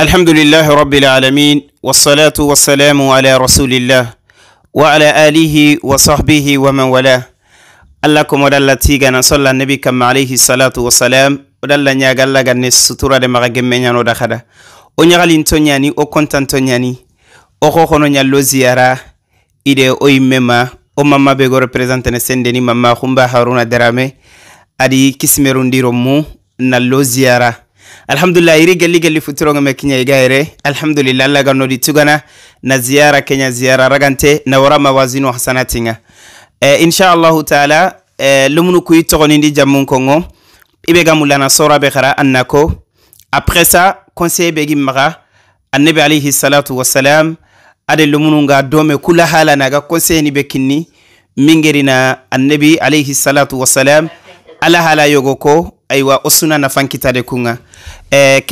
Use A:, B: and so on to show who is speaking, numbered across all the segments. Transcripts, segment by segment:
A: الحمد لله رب العالمين والصلاة والسلام على رسول الله وعلى آله وصحبه ومن والاه اللهم ودل تيغانا صلى النبي كما عليه الصلاة والسلام ودل نياغال لغاني ستورة دماغ جمعنا ودخدا ونيغال انتونياني وكونتان تونياني وخوخونو نيالو زيارة إده ويمما ومما بيغو ريبريزانتنا سندني مما خمبا هارونا درامي adi kisimerundiro mu nallo ziyara alhamdulillah iri gelli gelli futtironŋome kiɲa iga yere alhamdulillah alla ga nodi tugana na ziyara kenya ziyara ragante na wara mawazinu hasanatinŋa e, insha allahu taala e, lumunu kuyi togonindi jammun konŋo i be ga mulana sora bekhara xara an na ko après ça conseil be gi maxa annabi alayhi salatu wasalam ade lumunu nga dome kula hala naga conseil ni bekinni mingeri na gerina annabi alayhi salatu wasalam ala hala yogo ko aiwa o na fanki kitade kunga eh,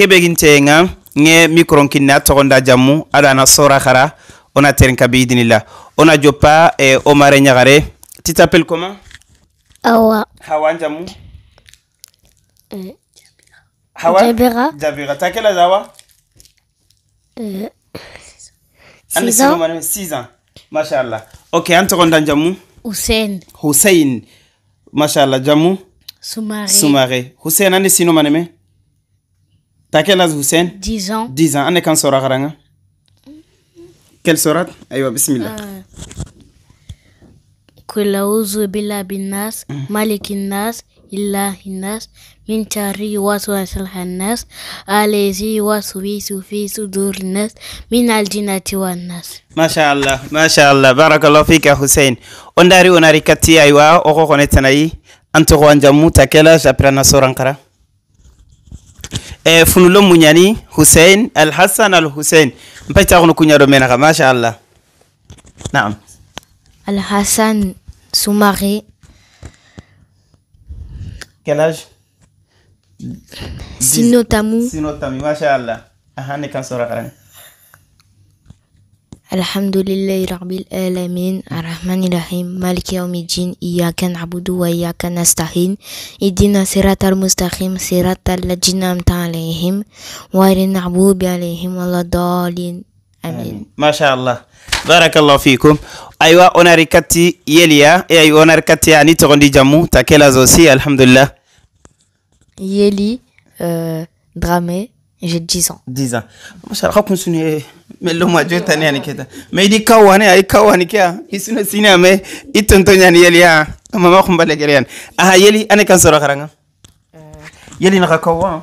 A: nga nge micron kinne a togonda jamu aɗo sora xara ona teren ka biidinila ona jopa eh, o nyagare ñaxare ti comment awa hawa jamu eh. hawa jabira jabira ta quel âge awa eh. 6 ans 6 ans machallah ok an togonda jamu. hussein hussein machallah jamu. Soumaré. Soumaré. Hussein, ane sino maneme T'as quel âge, Hussein 10 ans. 10 ans. Ane kan sora garanga Quelle sora Aywa, bismillah. Euh... Kulauzu bila binas, mm. malikinas, ilahinas, mintari wasu nas alezi wasu wisu fisu durinas, min aljinati wanas. Masha Allah, Masha Allah. Barakallahu fika Hussein. Ondari onari katia aywa, oko konetanayi an tɔgɔ an ta kɛla japirana sɔrankara eh, funulo muɲani husein al alhusein al pa taxunu kuɲa dɔ mena ka masha allah naam alhasan sumari quel sinotamu sinotamu masha allah aha ne kan karani الحمد لله رب العالمين الرحمن الرحيم مالك يوم الدين إياك نعبد وإياك نستعين إدنا صراط المستقيم صراط الذين أنعمت عليهم غير المغضوب عليهم ولا الضالين آمين ما شاء الله بارك الله فيكم أيوا أنا يليا أيوا أنا يعني تغني جامو تاكلا زوسي الحمد لله يلي درامي J'ai 10 ans. 10 ans. Mashara hakun sune mello ma jota ne ani keta. Me di kawa ne ai kawa ne kya. Isuna sina me itonto nyani yeli ya. Kama ma kumbale gerian. Aha yeli ane kan sora karanga. Yeli na kawa.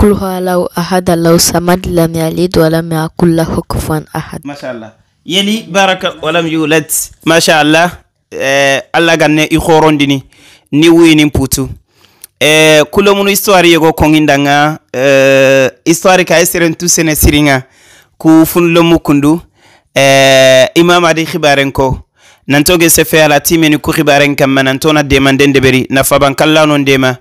A: قل tu لو أحد لو سمد لم يلد ولم يكن له كفوا أحد ما شاء الله يلي بارك ولم يولد ما شاء الله الله غني يخورون ديني ني ويني بوتو eh, kulo munu histoire yego konginda nga eh, histoire ka eseren tu siringa ku funlo mukundu eh, imam adi khibaren ko nanto ge sefe ala timeni ku khibaren kamma nanto na dema ndendeberi nafa bankalla non dema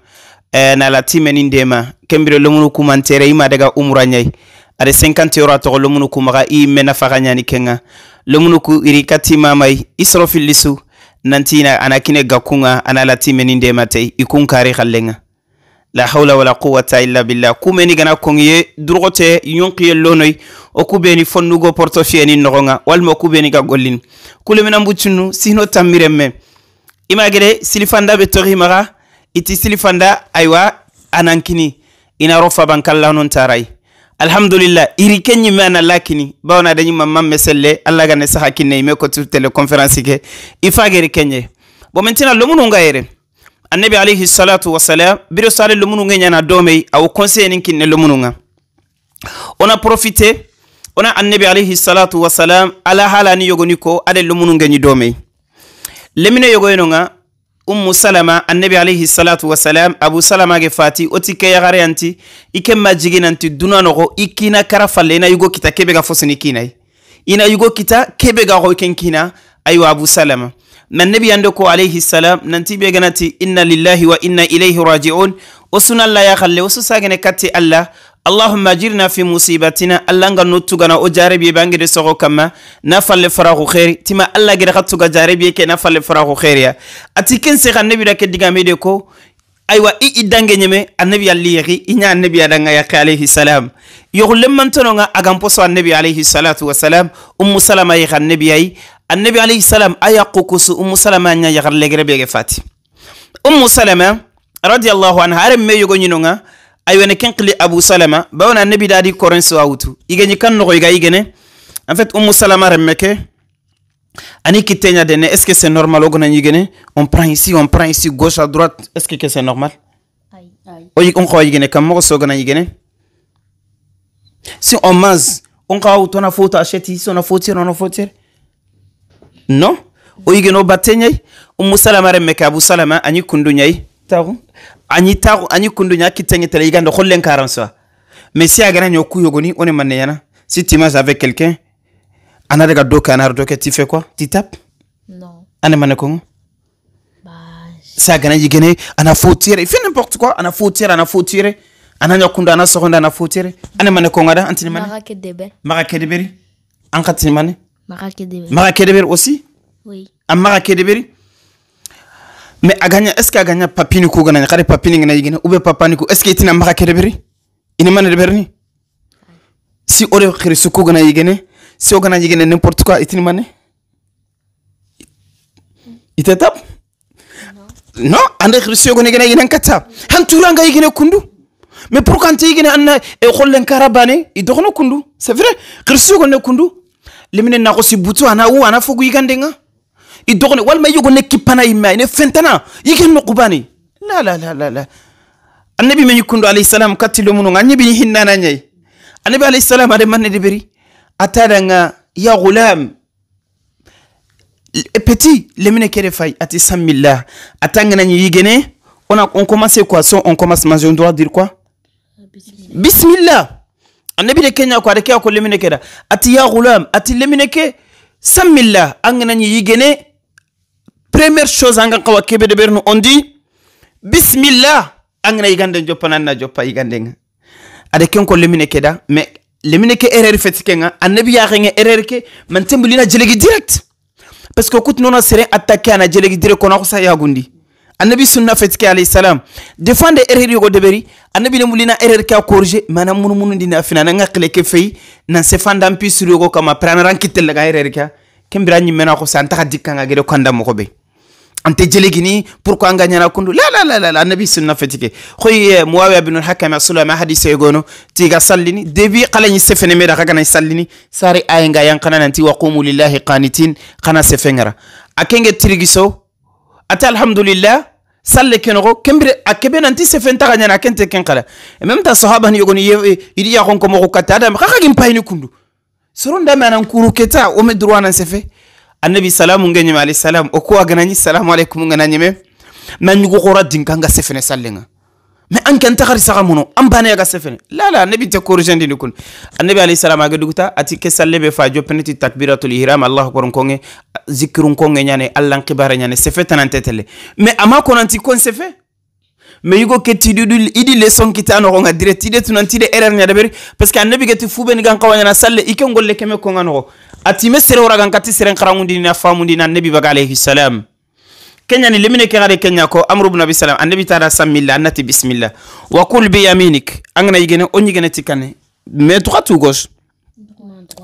A: eh, na la timeni ndema kembiro lomunu kumantere ima daga umura nyai ada 50 euro a togo lomunu kumaga i mena faga ɲani kenga lomunu ku iri katimamai i nantina ana kine gakunga ana lati menin de mate ikun kare khallenga la hawla wala quwwata illa billah kumeni gana kongiye durgote yonkiye lonoy o kubeni fonnugo portefeuille ni nogonga walmo kubeni ga gollin mena mbutunu sino tamireme imagere silifanda be tori maga iti silifanda aywa anankini ina rofa bankalla non tarai alhamdulillah iri ke ɲime ana lakini bawo na da meselle alla gane saha kinne ime kotu teleconference ke i fa geri kenye bo maintenant lo ga yere annabi alayhi salatu wasalam biro sale lo ga ɲana domei awo conseil nin kinne on a profité on a annabi alayhi salatu wasalam ala halani yogoniko yogoni ko ade lomunu ga ɲi domei lemine yogoyeno ga ummu salama annabi alayhi salatu wasalam abu salama ge fati wo ti keyaxareyanti i ke majiginanti duna noxo i kina kara falle ina yugo kita kebe ga fosini kinayi ina yugo kita kebe ga xo ken kina aywa abu salama mannabi ko alayhi salam nanti be ganati inna lillahi wa inna ilayhi raji'un wo la alla yaxalle wo kati sagene katti allah allahumma jirna fi musibatina allah nga no tugana o jarebiye be angede sogo kamma na falle farahu kheri tima allah gede xa tuga jarebiye ke na falle farahu kheriya ati ken se xa nebira ke digame de ko aywa i i dange ɲeme annabi alli yaxi i ɲa annabi adanga yaxi alayhi salam yoxulenmantononga agan poso annabi alayhi salatu wasalam ummu salama yaxi annabi ayi annabi alayhi salam a yaqu kusu ummu salama ɲa yaxar legerebe ge fati ummu salama radiallahu anha are me yogo ɲinonga ayone kenkli abu salama bawna nabi dadi koren so awutu igeni kan no iga igene en fait ummu salama remeke ani kitenya dene est-ce que c'est normal ogona igene on prend ici on prend ici gauche à droite est-ce que c'est normal aïe aïe on ko igene kam mo so gona igene si on mange on ka awutu na foto acheter ici, on a fotir on a fotir non o igeno batenya ummu salama remeke abu salama ani kundu nyai Anita, taxu anyi kundu ɲa kitteŋetele i ganda xollen mais si agana kuyogoni ɲo ku yogoni wo manne yana si avec quelqu'un ana daga doke ana doke ti fais quoi ti tap non ane manne kongo bah, sa gana yigene ana fo tire fait n'importe quoi ana fo tire ana fo tire ana ɲa ana soxonda ana fo tire ane manne kongo da antini manne maxa kedebe maxa kedeberi an xatini manne maxa kedeberi maxa aussi oui an maxa mais a gagna est ce que a gagna papini ku gana xare papini ngana yigina ou papani ku est itina maxa ke ina mana deberni si o de xiri gana yigene si o yigene n'importe quoi itini mane ite tab ande xiri si o yigene yigene katta han tura yigene kundu mais pourquoi ante yigene anna e xollen karabane i doxono kundu c'est vrai xiri si o kundu limine naxosi butu ana u ana fogu yigandenga i dogone walma i yogo ne kippana yimme ine fentana yigen no qubani la la la annabi meñi kundo alayhi salam kattilo munu nga ñibini hinnana ñayi annabi alayhi ade manne de beri atada nga ya gulam petit lemine kere fay ati sammillah atangana ñi yigene on, on commence quoi son on commence manger on doit dire quoi bismillah, annabi de kenya ko ade ke ko lemine kera ati ya gulam ati lemine ke sammillah angana ñi yigene première chose hangan kawa keɓede ɓerno on di bisimilla angana yiganden joppa nanna joppa yigandenga ada kenko lemine keda mais lemine ke erreur feti kenga annabi yaxenga erreur ke man tembulina jelegi direct parce que kutinona seren attaqué ana jelegi direct kona xusa yagundi annabi sunna feti alayhi salam des fois yogo deɓeri annabi le mulina erreur ke a corrigé mana munumunundini a fina nanga xile ke feyi nan sefandan pisur yogo kama pre anaran kittellaga ke kembira ñimmena xusa antaxa dikkanga gede kanda moxo ante jelegini pourquoi anga ñana kundu la la la la la annabi sunna fatike khoy muawiya bin al-hakam asula ma hadise gono tiga sallini debi qalani sefene meda kagana sallini sari ayenga yankana nanti wa qumu lillahi qanitin qana sefengara akenge tirigiso ate alhamdulillah salle kenogo kembire akebe nanti sefen taga ñana kente ken kenkala e même ta sahaba ni yogoni idi ya kon ko mo kata adam kaka gimpayni kundu soronda manan kuru keta o me droit nan sefe annabi salamu ngeñeme alayhi salam o ko aganañi salamu alaykum aleykum man na ñuguxora dinka nga sefene sallinga me an kan taxari saxa mono an bane aga sefene la nabi te ko rejendi ni kun annabi alayhi salam aga duguta ati ke salle be fa jopeneti takbiratul ihram allah ko ron konge zikrun konge nyane allan kibara nyane sefe tele me ama nanti kon sefene me yigo kettiɗiɗu iɗi lesson kita noxo nga direct ide tunanti de erreur ñada beri parce que annabi geti fuɓeni gan xawañana salle i ngolle keme konga noxo a time sere wora gan kati seren xarangundini na famundini annabi baga alayhi salam keñani lemine ke xade keña ko amru bnu abi salam annabi tada sammilla annati bismillah wa kul bi yaminik angana yigene o ñigene tikkane mais ou gauche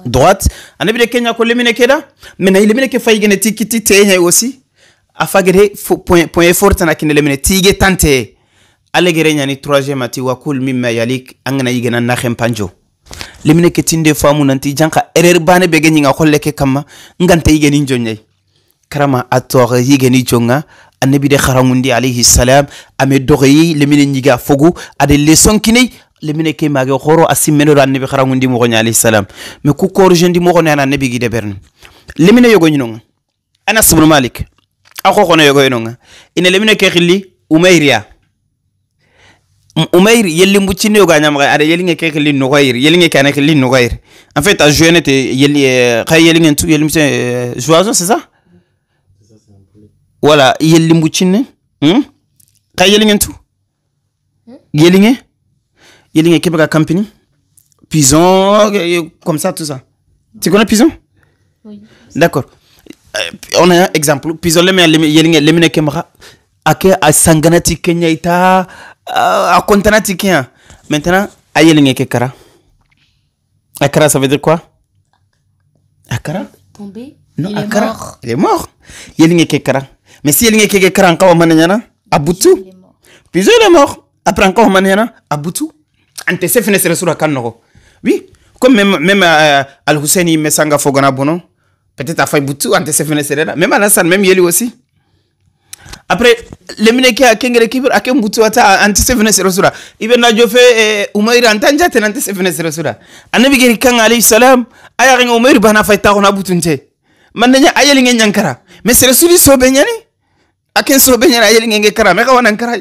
A: droite annabi de keña ko lemine ke da mena lemine ke fayigene tikkiti teñay aussi a fagede point effort tana kine lemine tiige alla gere ɲani troisième ati wa kul mimma yalik an gana yigena naxen panjo lemine ke tinde famu nanti janka erreur bane bege ɲinga xolle ke kamma nganta yigeni jonɲai karama a toxe yigeni jonga annabi de xarangundi alayhi salam ame doxeyi lemine ɲiga fogu ade leson kinei lemine ke mage xoro a simmenero annabi xarangundi moxoɲa alayhi salam mais ku corrigendi moxone ana annabi gide berne lemine yogoɲinonga anas bnu malik a xoxona yogoyinonga ina lemine ke xilli umairia il y a des gens qui ont été en train de se faire. Il y a des gens qui ont En fait, à jouer, il y a des gens qui ont été joués, c'est ça C'est ça, Voilà, il y a des gens qui ont été en train de se faire. Il y a des gens qui ont été en train de se faire. Pison, eh, eh, comme ça, tout ça. Tu connais Pison Oui. D'accord. Eh, on a un exemple. Pison, il y a des gens qui ont été en train de se faire. Il y a des gens qui ont été en train de se faire a kontana ti kɛ maintenant a ye kekara. Akara, ça veut dire quoi a kara tombé non il a kara mort. il est mort yeliŋe ke kara mais si yeliŋe keke kara ankawa mana ɲana hein? a butu plusieurs il est mort après encore au ɲana a butu ante se fene sur sura kan oui comme même même euh, al hussein mesanga met fogana bono peut-être a fay butu ante se même à la salle, même yeli aussi après lemine ke a kengere kibir ake mbutu wata anti sefene sero sura ibe na jofe eh, umair anta njate nanti sefene sero sura anabi geri kan alayhi salam aya umair bana fayta gona butunte manne nya ayeli ngen nyankara me sero suri so benyani aken so benyani ayeli ngen kara me kawana nkara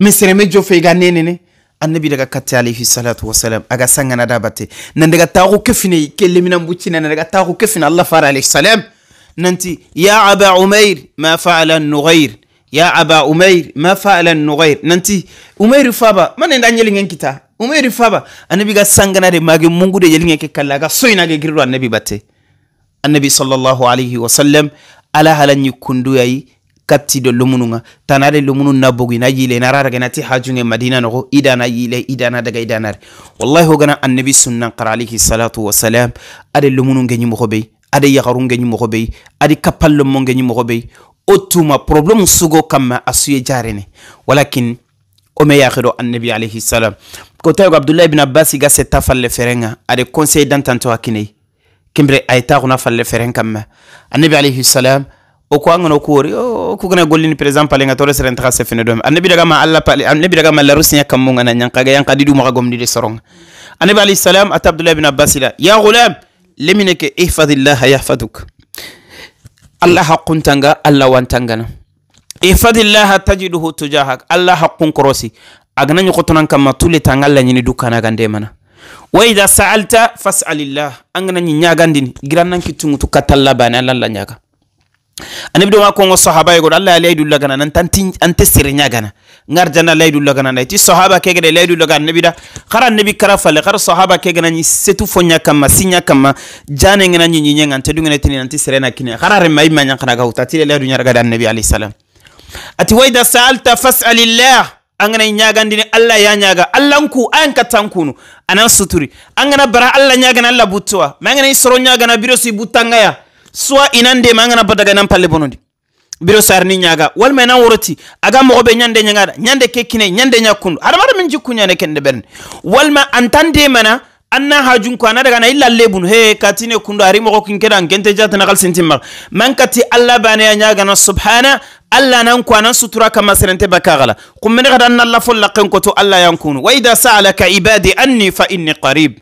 A: me sere me jofe ga nene ne annabi daga katte alayhi salatu wasalam aga sangana dabate nan daga taxu kefine ke lemina mbucina nan daga taxu kefine allah fara alayhi salam nanti ya aba umair ma faala nugair ya aba umair ma faala nugair nanti umairu faba mana nda nyelingen kita umairu faba annabi ga sangana de mage mungu de yelingen ke kalla ga soyna ge girro annabi batte annabi sallallahu alaihi wasallam ala halanyi kundu yayi kapti do lumununga tana de lumunu na bugi na yile na raraga na ti hajunge madina no ida na yile ida na daga ida na wallahi hogana annabi sunnan qara alaihi salatu wasalam ade lumununge ada yagaru ngeñi mogo bey adi kapallo mo ngeñi mogo bey o tuma sugo kamma a jarene walakin o me annabi alayhi salam ko tawigo abdoulahi bin abbas ga setta falle ferenga ade conseil dantanto hakkineyi kimbre aye taxuna falle feren kamma annabi alayhi salam o ko angano kuwori o kugana gollini par exemple alenga tore seren taxa sefene dome annabi dagama allah pale annabi dagama larusiña kammunga na ñankaga yanka didumaxa gomnide soronga annabi alayhi salam ata abdoulahi abbas ila ya gulam lemine ke ihfadillah yahfaduk allah haquntanga allah wantangana ihfadillah tajiduhu tujahak allah haqqun korosi agana ñoxotonan kamma tule tanga lañini du kanagandemana wa ida saalta fasalillah angana ñi ñagandini girannan kittungutu katalla bane allah la ñaga anibidoma kongo sahaba yegoɗo allah yali aydullagana nan ante sere ñagana ngarjana laydu lagana na ti sahaba kege de laydu lagana nabi da khara nabi kara fale khara sahaba kege na setu fonya kama sinya kama jane ngana ni nyenye ngante du ngana tini nanti serena kine khara re mai manya khana gauta ti laydu nyarga da nabi alayhi salam ati waida sa'alta fas'alillah angana ñagandini allah ya ñaga allahnku ayan kattankunu anan suturi angana bara allah ñagana allah buttowa ma angana i soro ñagana biro so i buttangaya soit inandema palle bonondi biro sarni ñaga walma ena woroti aga mogoɓe ñande ñagada ñande ke kine ñande ñakkundu adamada min jikku ñane kende ɓerne walma antande mana anna hajunko ana daga na illa lebun he katine kundu ari mogo kinkeda ngente jatana kal sintimma man kati alla baneya ñagana subhana alla nan ko anan sutura kama serente bakagala kummene kada anna alla follaken koto alla yankunu wa ida saalaka ibadi anni fa inni qarib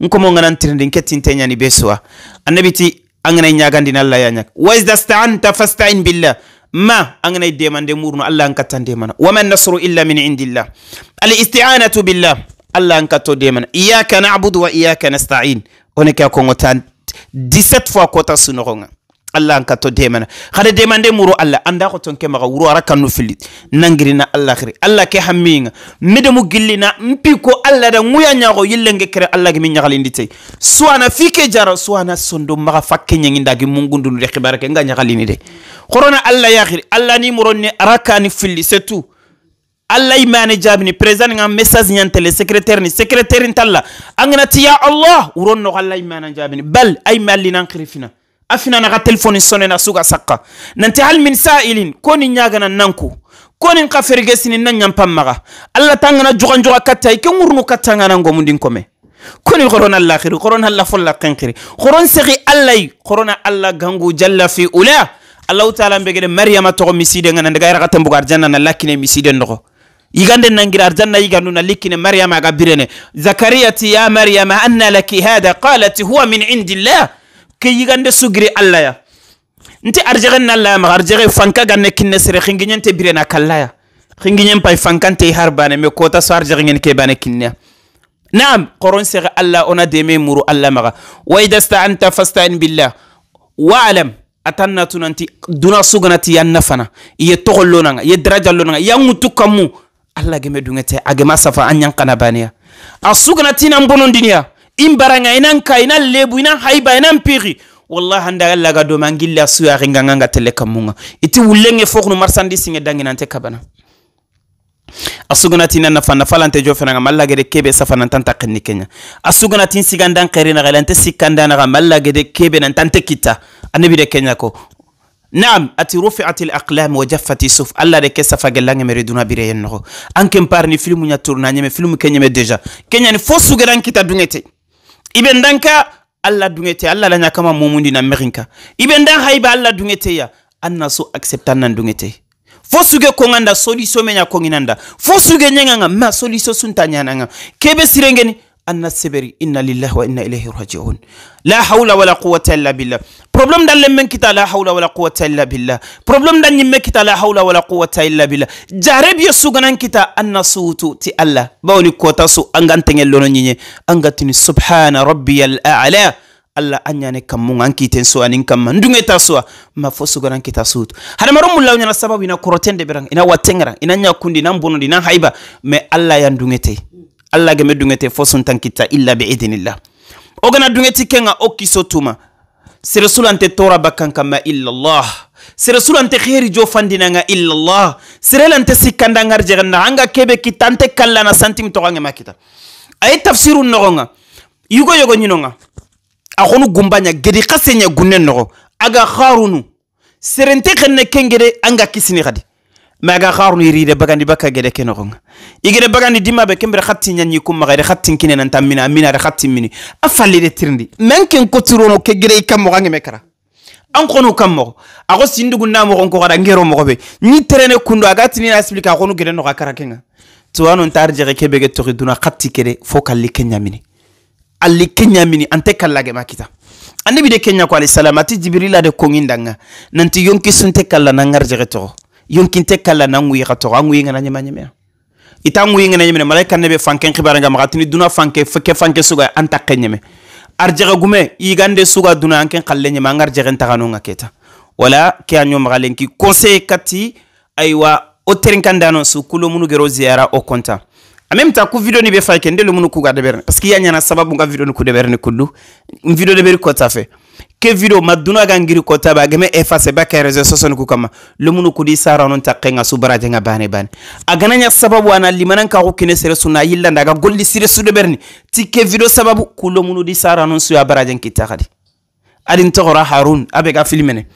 A: nkomo nganantirindin kettinteñani be suwa annabi ti angana na allah yanyak ñaga wa ida staanta fastain billah ma angana demande murno allah an katta wa man nasru illa min indillah al isti'anatu billah allah an deman demana iyaka nabudu wa iyaka nastain onika ke a 17 fois kota sunoxonga allah an kato demana hada demande muro allah anda ko ton kemaga wuro ara kannu filli nangirina allah hiri allah ke hamminga medemu gillina mpi ko allah da ŋuya ñago yillenge kere allah gimi ñagalindi tey suwana fike jara suwana sondo maga fakke ñagindagi mungundunu de xibara ke nga ñagalini de horona allah ya yahiri allah ni muro ni ara kani filli c'est tout allah imane jaabini président nga message ñantele secrétaire ni secrétaire ntalla anganati ya allah wuron noxo allah imana jaabini bal ay mallinan fina afina naga telefoni sonena suga sakka nanti hal min sa'ilin ko ni nanku ko nin fergesini na ñampan maga alla tangana jogan joga katta i ke ŋurunu kattangana ngomundin kome koni horona lahiri horona alla folla kenkiri horon segi allayi horona alla gangu jalla fi ula allahu taala mbegede mariyama togo miside ngana ndaga yaragata mbuga arjanna na lakkine miside ndogo yigande nangira arjanna yigandu na likkine mariyama aga birene zakariya ya mariyama anna laki hada qalat huwa min indillah كي يغاند سوغري الله يا انت ارجغن الله يا مغارجغي فانكا غاني كنن سري خنجي نين تبيرينا كالا يا خنجي باي فانكا تي هارباني مي كوتا سو ارجغن ين كيباني كنن نعم قرون سيغ الله انا ديمي مورو الله مغا ويدا استعنت فاستعن بالله وعلم اتنا تنانتي دونا سوغناتي ينفنا يتغل لونا يدرجا لونا يموتو كمو الله جمدونتي اجما صفا ان ينقنا بانيا اصوغناتي نمبونون دنيا imbaranga baranga inan ka lebu ina haiba ina mpiri wallahi handa laga do mangilla suya ringa nganga tele kamunga iti wulenge foknu marsandi singe danginante kabana asugunatina nafa nafalante jo malla gede kebe safana safanantan takinni kenya asugunatin sigandan kerinaga lante malla gede kebe nantante kita annabide kenya ko naam ati rufiati laqlam wa jaffati suf alla de ke safagellange mere duna bire yen nogo an ken parni filmu nya tourna ɲeme filmu me deja kenya ni fosu sugedan kita dungete iben danka alla dungete alla la nyakama mumundi na merinka iben dan haiba alla dungete ya anna so acceptan nan dungete fo suge konganda solution me nya konginanda fo suge nyanga ma solution sunta nyana nga kebe sirengeni anna seberi inna lillahi wa inna ilayhi raji'un la hawla wala quwwata illa billah problem dan lemmen kita la hawla wala quwwata illa billah problem dan nyimme kita la hawla wala quwwata illa billah jareb yesu ganan kita anna ti allah bawni kota su angan lono nyinye angatini subhana rabbiyal a'la alla an ɲane kanmu an so anin kanma n ta suwa ma fo sugaran kita sutu hadamaro mun law ɲana sababu ina koroten de ina watengeran ina ɲakundi ina bonondi haiba mais alla yan te alla gemme dungete fo suntan kitta illa bi idinillah o gana dungeti kenga o kiso tuma sere sulante tora bakkan kamma illallah sere sulante heri jo fandinanga illallah sere lante sikkanda ngarjeganna anga kebe kitta ante kallana santimi togangema kita aye tafsiru nogonga yugo yogo ñinonga axonu gumbaña gedi xa seña nogo aga xarunu serente xenne kengede anga kisini xadi maga kharnu iride bagandi baka gede kenogonga igede bagandi dima be kembere khatti nyanyi kum magare khatti kine nanta mina amina re khatti mini afali de tirindi menken ko turono ke gede kam mo gangi mekara an kono kam mo ago sindugu na mo ko gara ngero mo be ni terene kundo agati ni explique ago no gede no gakara kenga to anon tarje ke bege to duna khatti kede fo kalli kenya mini alli kenya mini ante kallage makita annabi de kenya ko alayhi salam ati jibrila de kongindanga nanti yonki sunte kallana ngarje to yonkinte kala na ngui ga toga ngui ngana nyema nyema ita ngui ngana nyema malaika nebe fanken khibara nga magatini duna fanke feke fanke suga anta kenyeme arjaga gume igande suga duna anken kalle nyema ngar jagen tagano nga keta wala ke anyo magalenki conseil kati aiwa o kandano su kulo munu gero ziyara o konta en même ku video ni be fayke ndelo munu ku ga deberne parce que ya nyana sababu nga video ni ku deberne kullu video deberi ko ta fe ke video maduna gangiri ngiri kota ba game efase ba ka rezo soso ku kama lumunu kudi sara non takke nga su baraje bane bane agana nya sababu ana limanan ka kine sere suna yilla ndaga golli sire su de berni ti ke video sababu ku lumunu di sara non su ya baraje kita kadi adin togora harun abe ga filmene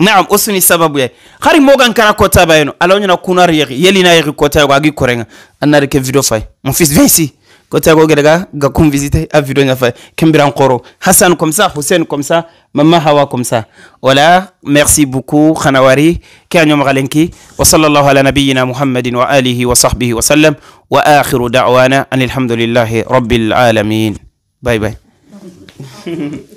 A: naam osuni sababu ye hari mogan kara kota ba yeno alonyo na kunari yeli na yeli kota ga gi korenga anare ke video fay mon fils vinci kota ko ga visite a video nya koro hassan comme ça hussein comme ça mama hawa comme ça voilà merci beaucoup khanawari kanyom Galenki. wa sallallahu ala nabiyyina muhammadin wa alihi wa sahbihi wa sallam wa akhiru da'wana alhamdulillahi rabbil alamin bye bye